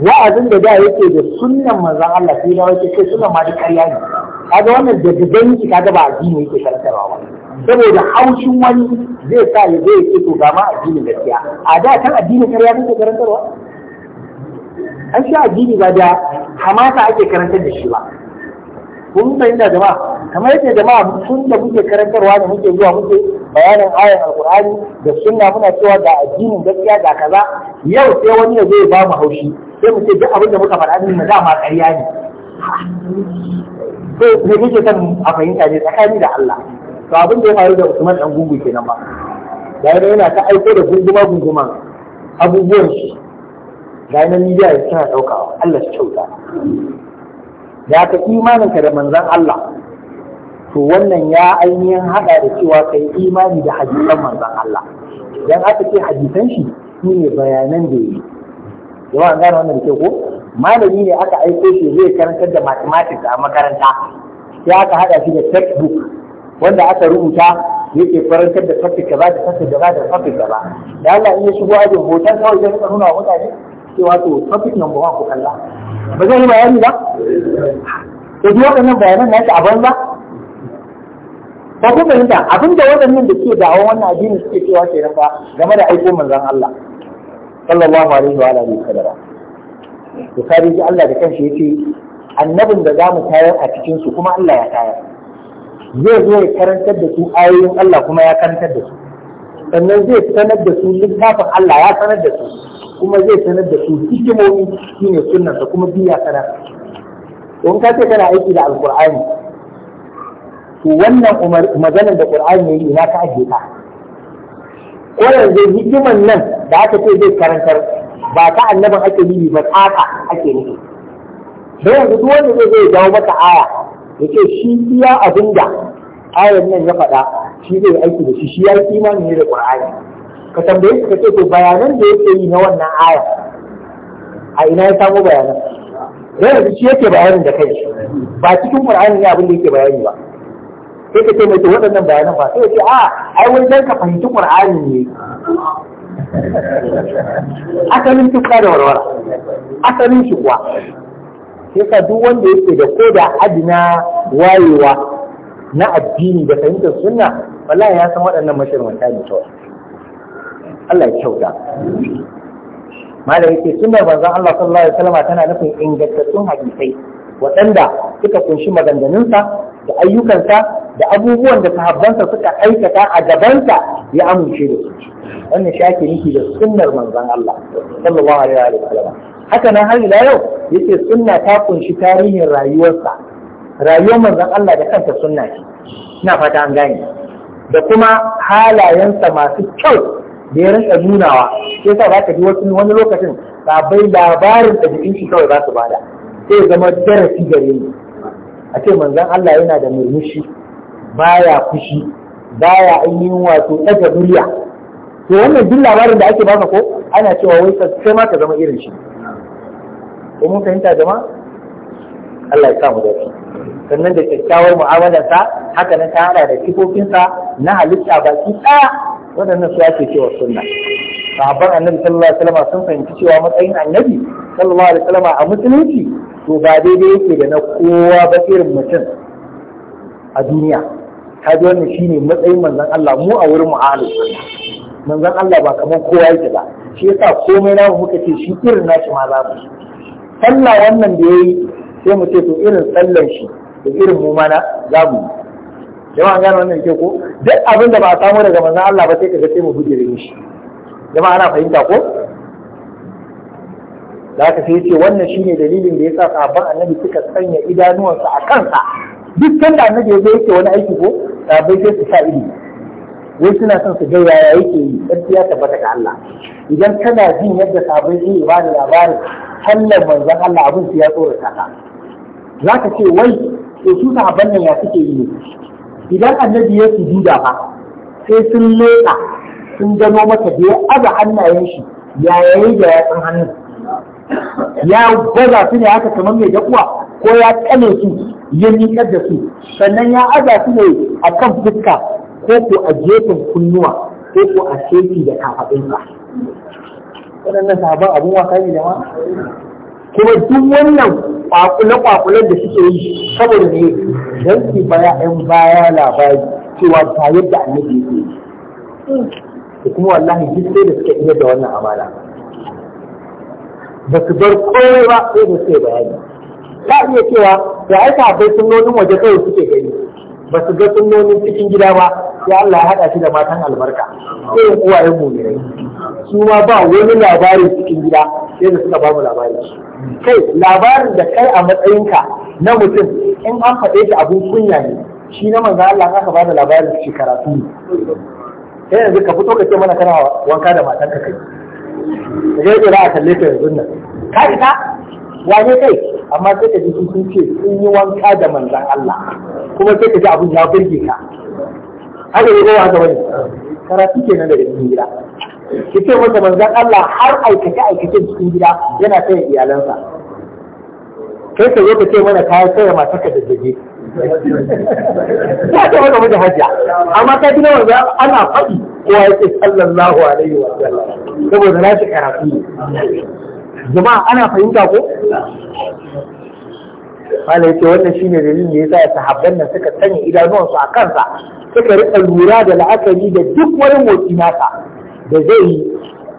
wa'azin da da yake da sunnan manzon Allah sai da yake kai sunan ma duk ƙarya ne kaga wannan da gidanki kaga ba addini yake karantarwa ba saboda haushin wani zai sa ya zai ce to ga ma addinin gaskiya a da kan addinin karya ke karantarwa an shi addini ba da hamasa ake karantar da shi ba kun fahimta jama'a kamar yadda jama'a sun da muke karantarwa da muke zuwa muke bayanin ayar alkur'ani da sunna muna cewa da addinin gaskiya ga kaza yau sai wani ya ya ba mu haushi sai mu ce duk abin da muka faɗa din na dama ƙarya ne Sai me kake son a fahimta ne tsakani da Allah to abin da ya faru da Usman dan gungu kenan ba da yana ta aiko da gunguma gunguma abubuwan shi ranar yanar midiya ya tana ɗaukawa Allah su kyauta ya ka imaninka da manzan Allah to wannan ya ainihin haɗa da cewa ka yi imani da hadisan manzan Allah idan aka ce hadisan shi su ne bayanan da yi yawa an gane wannan da ke ko malami ne aka aiko shi zai karantar da mathematics a makaranta sai aka haɗa shi da textbook wanda aka rubuta yake farantar da tafi gaba da tafi gaba da tafi gaba da Allah in ya shigo ajin hoton kawai zai nuna wa mutane cewa to topic number one ku kalla ba zai yi bayani ba da duk waɗannan bayanan nashi a banza ba ku fahimta abin da waɗannan da ke da'awar wannan addini suke cewa ke nan ba game da aiko manzon Allah sallallahu alaihi wa alihi wasallam to sai ji Allah da kanshi yace annabin da zamu tayar a cikin su kuma Allah ya tayar zai zo ya karantar da su ayoyin Allah kuma ya karantar da su sannan zai sanar da su littafin Allah ya sanar da su kuma zai sanar da su hikimomi shine sunnar da kuma biya sana don ka ce kana aiki da alqur'ani to wannan maganar da ƙur'ani ya yi ina ka ajiye ta ko yanzu hikiman nan da aka ce zai karantar ba ta annaban ake yi ba tsaka ake nufi don yanzu duk wanda zai zai jawo mata aya ya ce shi iya abinda ayar nan ya faɗa shi zai aiki da shi shi ya yi imani ne da ƙur'ani. ka tambaye shi ka ce to bayanan da yake yi na wannan aya a ina ya samu bayanan dan yanzu shi yake bayanin da kai ba cikin qur'ani ne abin da yake bayani ba sai ka ce mai to waɗannan bayanan ba sai ya ce a ah, ai wani dan ka fahimci qur'ani ne asalin tuka da warwara asalin shi kuwa sai ka duk wanda yake da ko da adina wayewa na addini da fahimtar sunna wallahi ya san waɗannan wata ne kawai Allah ya kyauta malam yake sunan manzon Allah sallallahu alaihi wasallam tana nufin ingantattun hadisai waɗanda suka kunshi maganganunsa da ayyukansa da abubuwan da sahabbansa suka aikata a gabansa ya amince da su wannan shi ake nufi da sunnar manzon Allah sallallahu alaihi wasallam haka nan har ila yau yake sunna ta kunshi tarihin rayuwarsa rayuwar manzon Allah da kanta sunna ce ina fata an gane da kuma halayensa masu kyau da ya rinka nunawa sai sa za ka ji wasu wani lokacin bai labarin da jikin shi kawai za su bada sai zama darasi gare ni a ce manzon Allah yana da murmushi baya fushi baya ainihin wato ɗaga murya to wannan duk labarin da ake baka ko ana cewa wai sai ma ka zama irin shi ko mun fahimta jama'a Allah ya sa mu dace sannan da kyakkyawar mu'amalarsa haka nan ta hada da sifofinsa na halitta baki ɗaya waɗannan su ake cewa sunna sahabban annabi sallallahu alaihi wasallam sun fahimci cewa matsayin annabi sallallahu alaihi wasallam a musulunci to ba daidai yake da na kowa ba irin mutum a duniya Ta ji wannan shine matsayin manzon Allah mu a wurin mu'alu manzon Allah ba kamar kowa yake ba shi yasa komai na muka ce shi irin nashi ma za mu sallah wannan da yayi sai mu ce to irin sallan shi da irin mu mana za mu yi jama'a gane wannan ke ko duk abin da ba a samu daga manzon Allah ba sai ka ga sai mu bujire shi jama'a ana fahimta ko da aka sai ce wannan shine dalilin da yasa sahabban annabi suka sanya idanuwansa a kansa duk da annabi ya zo yake wani aiki ko sahabbai sai su sa ido wai suna son su ga yaya yake yi dan ya tabbata ga Allah idan kana jin yadda sahabbai sun yi bani labarin sallar manzon Allah abin su ya tsorata ka za ka ce wai to su sahabban nan ya suke yi idan annabi ya sujuda ba, sai sun leƙa sun gano mata da ya aza hannayen shi ya yayi da yatsun hannu ya gwaza su ne haka kamar mai dakuwa ko ya tsane su ya miƙar da su sannan ya aza su ne a kan fuska ko ko a gefen kunnuwa ko ko a sheki da kafaɗinsa waɗannan sahabban abin wasa ne da kuma duk wannan kwakule-kwakulen da suke yi saboda ne don su baya ‘yan baya labari cewa ta yadda annabi yake da kuma wallahi duk sai da suka iya da wannan amana ba su bar kowai ba sai da suke bayani ta iya cewa da aika bai sunnonin waje kawai suke gani ba su ga sunnonin cikin gida ba sai Allah ya haɗa shi da matan albarka irin uwayen rai su ma ba wani labari cikin gida sai da suka ba mu labari kai labarin da kai a matsayinka na mutum in an faɗe shi abun kunya ne shi na manzo Allah aka ba da labarin shi karatu ne sai yanzu ka fito ka ce mana kana wanka da matanka kai da zai za a kalle ka yanzu nan ka fita wane kai amma sai ka ji sun ce sun yi wanka da manzan Allah kuma sai ka ji abin ya burge ka haka ne kowa haka bane karatu ke nan da cikin gida ki ce masa manzan Allah har aikace aikacen cikin gida yana taya iyalansa kai ka zo ka ce mana kayan taya matarka da jaje ya ce maka mata hajja amma ka ji na wanda ana faɗi kowa ya ce sallallahu alaihi wa sallam saboda na shi karatu ne jama'a ana fahimta ko malai ce wannan shine dalilin da yasa sahabban nan suka sanya idanuwansu a kansa suka rika lura da la'akari da duk wani motsi nasa da zai yi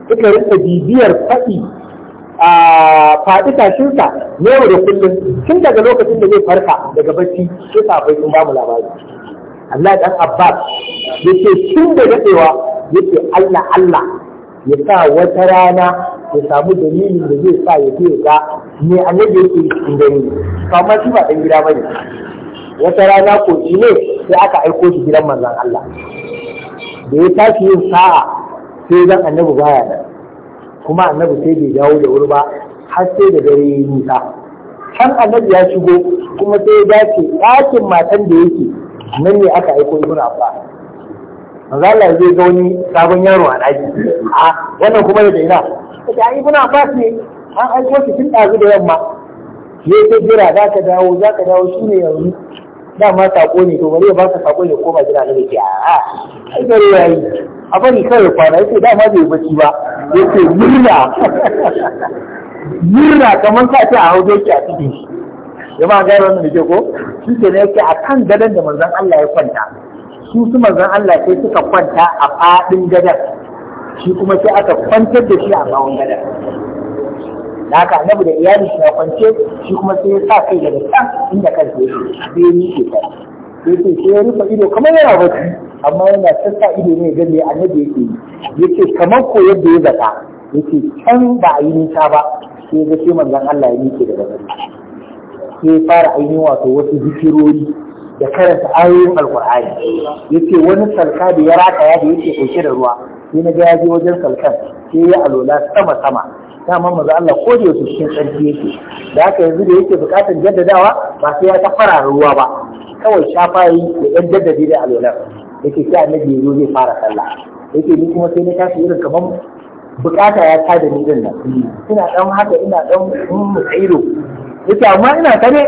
suka rika bibiyar faɗi a faɗi tashinsa da kullum tun daga lokacin da zai farka daga bacci sai sahabbai sun ba mu labari Allah dan Abbas yace tun da dadewa yace Allah Allah ya sa wata rana ya samu dalilin da zai sa ya fiye ga me da yake cikin gani Kamar shi ba ɗan gida bane wata rana ko ne sai aka aiko shi gidan manzan Allah da ya tashi yin sa'a sai zan annabi baya nan kuma annabi sai bai dawo da wuri ba har sai da dare ya nisa can annabi ya shigo kuma sai ya dace ɗakin matan da yake nan ne aka aiko ibnu abbas manzo Allah zai ga wani sabon yaro a daji a wannan kuma da ina kace ai kuna Abbas ne an aiko shi tun dazu da yamma yayi ta jira za ka dawo za ka dawo shine yanzu dama sako ne to bari ya baka sako ya koma gida ne yake a ai gari yayi a bari kawai kwana yake dama bai bacci ba yake murna murna kamar ka ce a haudo yake a cikin shi jama'a gairar wannan da ke ko shi ke ne yake a kan gadon da manzon Allah ya kwanta su su mazan Allah sai suka kwanta a faɗin gadar shi kuma sai aka kwantar da shi a bawon gadar da haka annabi da iyali shi ya kwance shi kuma sai ya sa kai daga can inda kansa yake sai ya miƙe ta sai ce sai ya rufe ido kamar yana wasu amma yana sassa ido ne ga me annabi yake yi ce kamar ko yadda ya zata ce can ba a yi nisa ba sai ga sai manzon Allah ya miƙe daga bacci sai fara ainihin wato wasu zikirori da karanta ayoyin alkur'ani yace wani salka da ya rataya da yake ɗauke da ruwa sai na ga ya je wajen salkan sai ya alola sama sama dama maza Allah ko da yake cikin tsarki yake da haka yanzu da yake bukatar jaddadawa ba sai ya ta farara ruwa ba kawai shafa da ɗan jaddade da alolar yake sai annabi ya zo zai fara sallah yake ni kuma sai na tashi irin kamar Buƙata ya tada ni din nan ina dan haka ina dan mutsairo mm, yace amma ina tare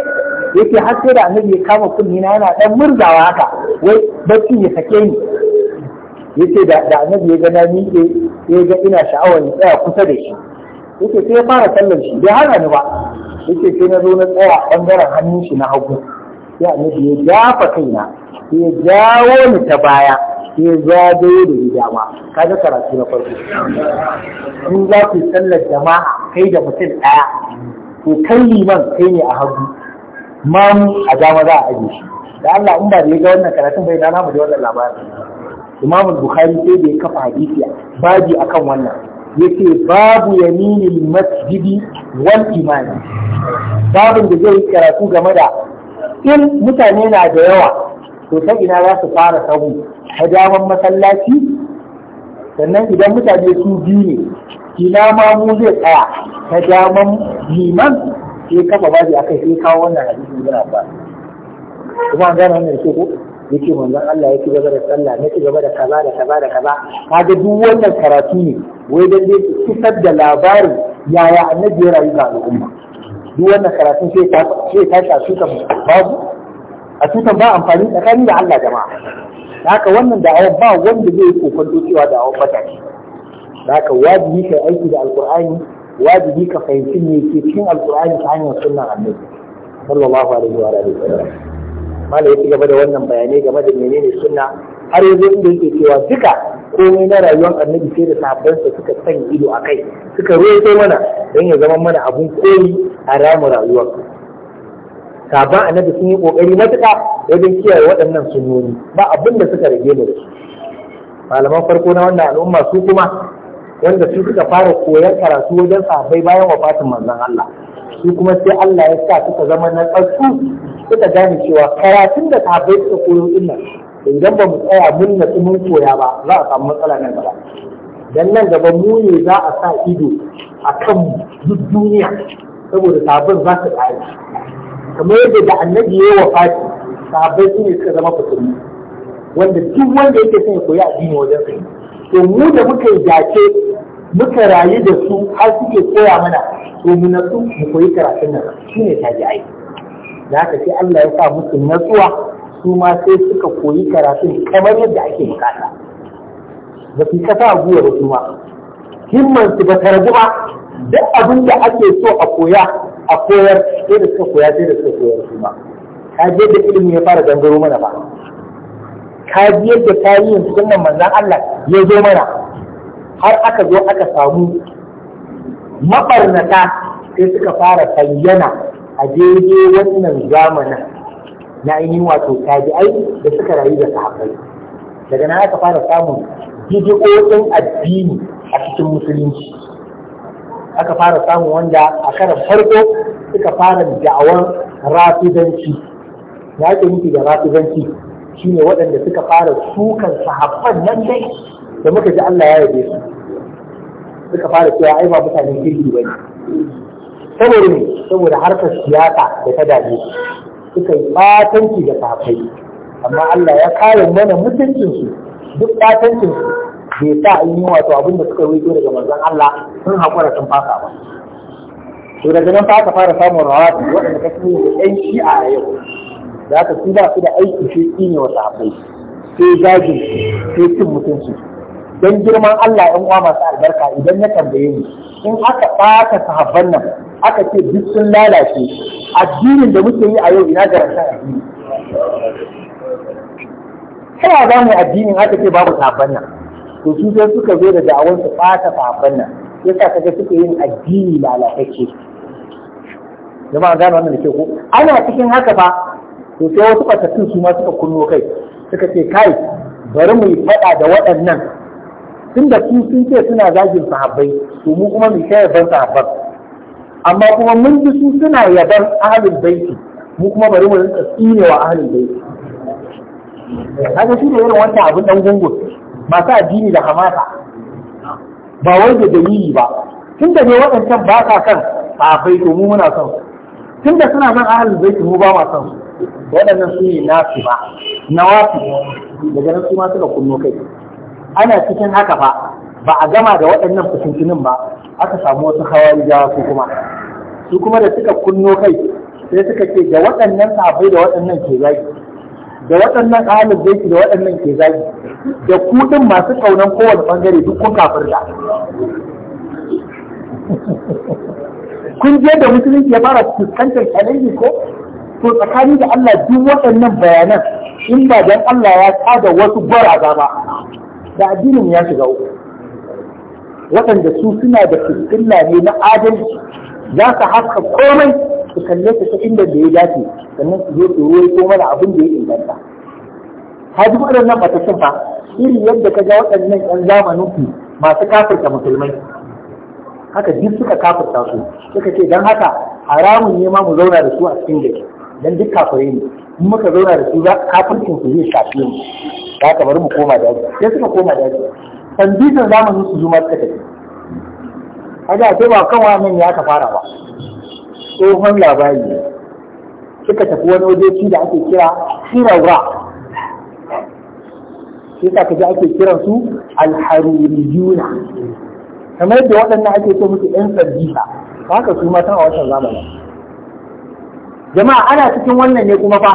yake har sai da annabi ya kama kunni na yana dan murzawa haka wai bacci ya sake ni yace da da annabi ya ga na miƙe ya ga ina sha'awar ni tsaya kusa da shi yace sai ya fara sallar shi bai hana ni ba yace sai na zo na tsaya bangaren hannun shi na hagu sai annabi ya jafa kaina ya jawo ni ta baya ya zagaye da dama ga karatu na farko in za ku sallar jama'a kai da mutum ɗaya to kai liman kai ne a hagu mamu a dama za a aje shi da Allah in ba da ya ga wannan karatun bai dana mu da wannan labarin Imam Bukhari sai da ya kafa hadisi baji akan wannan yace babu yaminil masjidi wal imani babin da zai karatu game da in mutane na da yawa to ta ina za su fara sabu ta daman masallaci sannan idan mutane su biyu ne ina mamu zai tsaya ta daman liman sai kafa babi akai sai kawo wannan hadisi ibn ba. kuma an gane wannan ya ce manzon Allah ya ci gaba da sallah na ci gaba da kaza da kaza da kaza kaga duk wannan karatu ne wai dan dai fitar da labarin yaya annabi ya rayu ga al'umma duk wannan karatun sai ta sai ta shafi babu a tutan ba amfani tsakani da Allah jama'a haka wannan da'awar ba wanda zai yi kokon cewa da'awar bata ce haka wajibi kai aiki da alkur'ani wajibi ka fahimci me ke cikin alkur'ani ta hanyar sunnan annabi sallallahu alaihi wa alihi wasallam gaba da wannan bayanai game da menene sunna har yanzu inda yake cewa duka komai na rayuwar annabi sai da sa suka san ido a kai suka roƙo mana don ya zama mana abun koyi a ramu rayuwar Sabon annabi sun yi kokari matuƙa wajen kiyaye waɗannan sunnoni ba abin da suka rage mu da su malaman farko na wannan al'umma su kuma wanda su suka fara koyar karatu wajen sahabbai bayan wafatin manzon Allah su kuma sai Allah ya sa suka zama na tsatsu suka gane cewa karatun da sahabbai suka koyo din nan idan ba mu tsaya mun na mun koya ba za a samu matsala nan gaba dan nan gaba mu ne za a sa ido a kan duk duniya saboda sabbin za su tsaya. kamar yadda da annabi ya yi wafati sahabbai su ne suka zama fitini wanda duk wanda yake son ya koyi addini wajen sa to mu da muka yi dace muka rayu da su har suke koya mana to mu natsu mu koyi karatun nan ne ta ji aiki. da haka sai Allah ya sa musu nasuwa su ma sai suka koyi karatun kamar yadda ake bukata ba su kasa a guwa ba su ma himman su ba tarjuma duk abin da ake so a koya a koyar sai da suka koya sai da suka koyar su ma ka je da ilimi ya fara gangaro mana ba ka ji yadda tarihin sunan manzon Allah ya zo mana har aka zo aka samu mabarnata sai suka fara bayyana a daidai wannan zamanin na ainihin wato tabi'ai da suka rayu da sahabbai daga nan aka fara samun bidiyoyin addini a cikin musulunci aka fara samun wanda a karan farko suka fara da'awar rafidanci ya ake nufi da rafidanci shine waɗanda suka fara sukan sahabban nan dai da muka ji Allah ya yabe su suka fara cewa ai ba mutanen kirki ba ne saboda ne saboda harkar siyasa da ta dame su suka yi batanci da sahabbai amma Allah ya kare mana mutuncinsu duk batancinsu bai sa an yi wato abin da suka rito daga manzon Allah sun haƙura sun fasa ba to daga nan fa aka fara samun rawati waɗanda kake da ɗan shi'a a yau da haka su ba su da aiki sai ne wa sahabbai sai zagin sai cin mutunci Don girman Allah ɗan uwa masu albarka idan ya tambaye ni in aka ɓata sahabban nan aka ce duk sun lalace addinin da muke yi a yau ina garantar addini ta za mu addinin aka ce babu sahabban nan to su sai suka zo da da'awar su ɓata sahabban nan yasa kaga suke yin addini lalatacce jama'a gano wannan da ke ko ana cikin haka fa to sai wasu batattun su ma suka kunno kai suka ce kai bari mu yi faɗa da waɗannan tun da su sun ce suna zagin sahabbai to mu kuma mu sha ban sahabban amma kuma mun ji su suna yaban ahlul baiti mu kuma bari mu rinka tsinewa ahlul baiti kaga shi da irin wata abin dan gungun masu addini da hamata ba wai da dalili ba tun da ne waɗancan ba sa kan sahabbai to mu muna son tun da suna nan ahlul baiti mu ba ma son su waɗannan su ne nasu ba na wasu daga nan su ma suka kunno kai ana cikin haka ba ba a gama da waɗannan fitintunin ba aka samu wasu hawari jawa su kuma su kuma da suka kunno kai sai suka ce da waɗannan sabai da waɗannan ke zagi da waɗannan ƙalin zai da waɗannan ke zagi da kuɗin masu ƙaunan kowane ɓangare duk kun da kun je da musulunci ya fara fuskantar challenge ko to tsakani da Allah duk waɗannan bayanan in ba dan Allah ya tsada wasu gwaraza ba da addinin ya shiga uku waɗanda su suna da fitilla ne na adalci za ka haska komai su kalle su ta inda da ya dace sannan su zo su ruwa ko mana abin da ya inganta duk waɗannan matattun ba iri yadda ka ga waɗannan ƴan zamanin ku masu kafirta musulmai haka duk suka kafirta su suka ce don haka haramun ne ma mu zauna da su a cikin gari dan duk kafirai ne in muka zauna da su za kafircin su zai shafe mu za ka bari mu koma daji sai suka koma daji tambitan zamanin su zuma suka tafi kaga sai ba kan wannan ya ka fara ba tsohon labari suka tafi wani waje da ake kira sirawa Sai yasa kaji ake kiran su alharuriyuna kamar yadda waɗannan ake ce musu yan sardisa haka su matan a watan zamanin jama'a ana cikin wannan ne kuma fa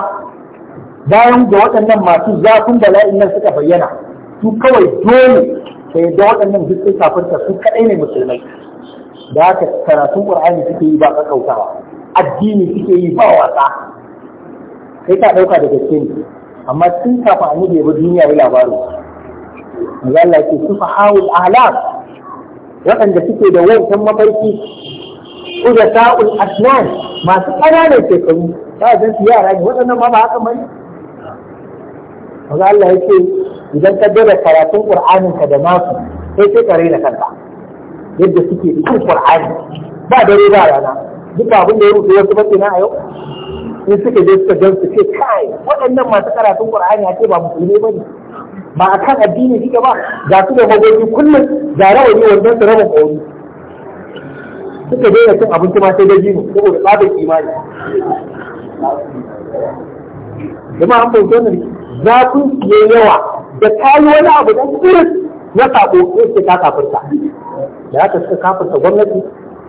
bayan da waɗannan masu zafin bala'in nan suka bayyana su kawai dole ka yadda waɗannan duk kafinta su kaɗai ne musulmai da haka karatun ƙur'ani suke yi ba ƙaƙautawa addini suke yi ba wasa kai ka ɗauka da gaske ne amma tun kafin an yi bai duniya ya labaru Allah ke su hawul alam waɗanda suke da wancan mafarki kuda sa'ul asnan masu ƙananan shekaru ba zan su yara ne waɗannan ma ba haka bane kaga Allah yake idan ka dora karatun Qur'anin ka da nasu sai sai kare na kanka yadda suke kan Qur'ani ba dare ba rana duk abin da ya rufe wasu bace na a yau in suka je suka gan su ce kai waɗannan masu karatun Qur'ani a ce ba musulmi ne ba kan addini suke ba ga su da magoji kullum ga rawani wannan su raba ƙauri suka daina cin abinci ma sai daji saboda tsabar imani jama'a an bauta ne zafin ya yawa da kayi wani abu da tsirin na sabo sai ce ka kafirta da haka suka kafirta gwamnati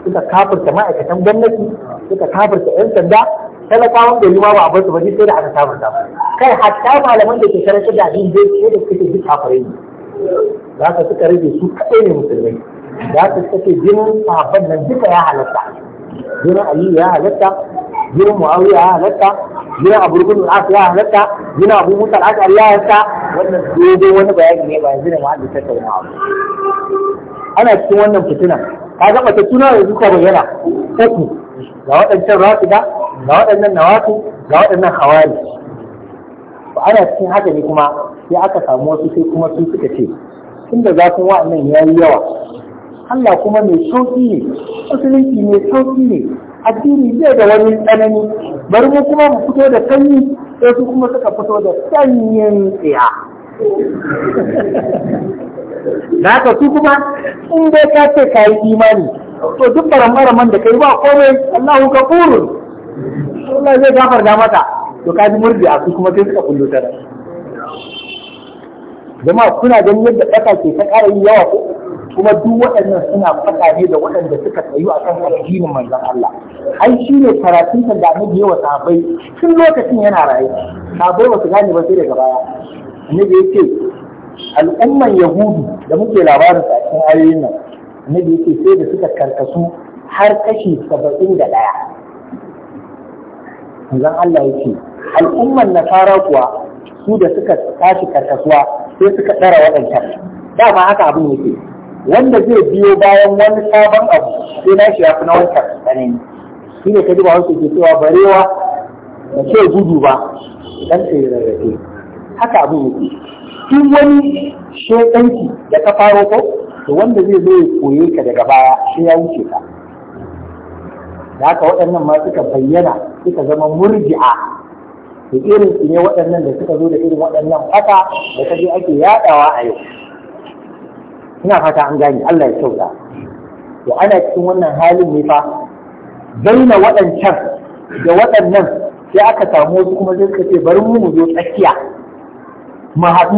suka kafirta ma'aikatan gwamnati suka kafirta 'yan sanda talakawan gari ma ba a basu ba sai da aka kafirta kai hatta malaman da ke karanta da abin da ke da suke duk kafirai ne za ka suka rage su kaɗai ne musulmai da haka sake jinin sahabban nan duka ya halatta jinin aliyu ya halatta jinin muawiya ya halatta jinin abu rukun al'asa ya halatta jinin abu musa al'asa ya halatta wannan dogon wani bayani ne ba yanzu ne ma'adin tattaunawa ana cikin wannan fitina ka ga mace tuna yanzu ka bayyana uku ga waɗancan rafida ga waɗannan nawatu ga waɗannan hawari ba ana cikin haka ne kuma sai aka samu wasu sai kuma sun suka ce tunda zafin wa'annan ya yi yawa Allah kuma mai sauƙi ne musulunci mai sauƙi ne addini zai da wani tsanani bari mu kuma mu fito da sanyi sai su kuma suka fito da sanyin tsiya da haka su kuma in dai ka ce ka yi imani to duk baran-baraman da kai ba komai ka kafurun Allah zai gafar da mata to ka ji murji a su kuma sai suka kullu ta jama'a kuna ganin yadda ƙasa ke ta ƙara yi yawa ko kuma duk waɗannan suna faɗa ne da waɗanda suka tsayu a kan addinin manzon Allah ai shi ne karatun da annabi yawa sahabbai tun lokacin yana raye sahabbai ba su gane ba sai daga baya annabi ya ce al'umman yahudu da muke labarin a cikin ayoyin nan annabi ya ce sai da suka karkasu har kashi saba'in da ɗaya manzon Allah ya ce al'umman nasara kuwa su da suka tashi karkasuwa sai suka tsara waɗancan dama haka abin yake wanda zai biyo bayan wani sabon abu sai na shi fi na wancan tsanani shi ne ka ba wasu ke cewa barewa ba ke gudu ba idan ka yi rarrafe haka abu ne tun wani shekanki da ka faro ko to wanda zai zo ya koye ka daga baya sai ya wuce ka da haka waɗannan ma suka bayyana suka zama murji'a da irin su ne waɗannan da suka zo da irin waɗannan fata da kaje ake yaɗawa a yau ina fata an gane Allah ya kyauta to ana cikin wannan halin ne fa Zaina waɗancan da waɗannan sai aka samu wasu kuma sai suka ce bari mu zo tsakiya mu haɗu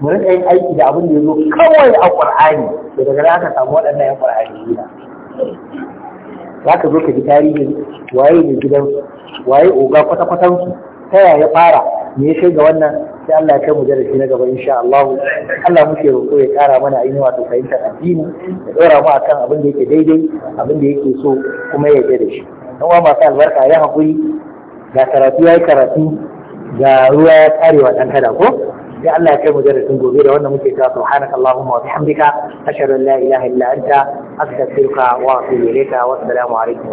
mu rika yin aiki da abin da ya zo kawai a ƙur'ani da daga nan aka samu waɗannan yan qur'ani gida za ka zo ka ji tarihin waye ne gidan waye oga kwata-kwatansu ta yaya ya fara me ya kai ga wannan sai Allah ya kai mu darasi na gaba insha Allah Allah muke roƙo ya ƙara mana ainihin wato fahimtar addini ya ɗora mu akan abin da yake daidai abin da yake so kuma ya yarda da shi dan uwa masu albarka ya haƙuri, ga karatu ya yi karatu ga ruwa ya tsare wa ɗan kada ko sai Allah ya kai mu darasin gobe da wannan muke cewa subhanaka allahumma wa bihamdika ashhadu an la ilaha illa anta astaghfiruka wa atubu ilayka wa assalamu alaikum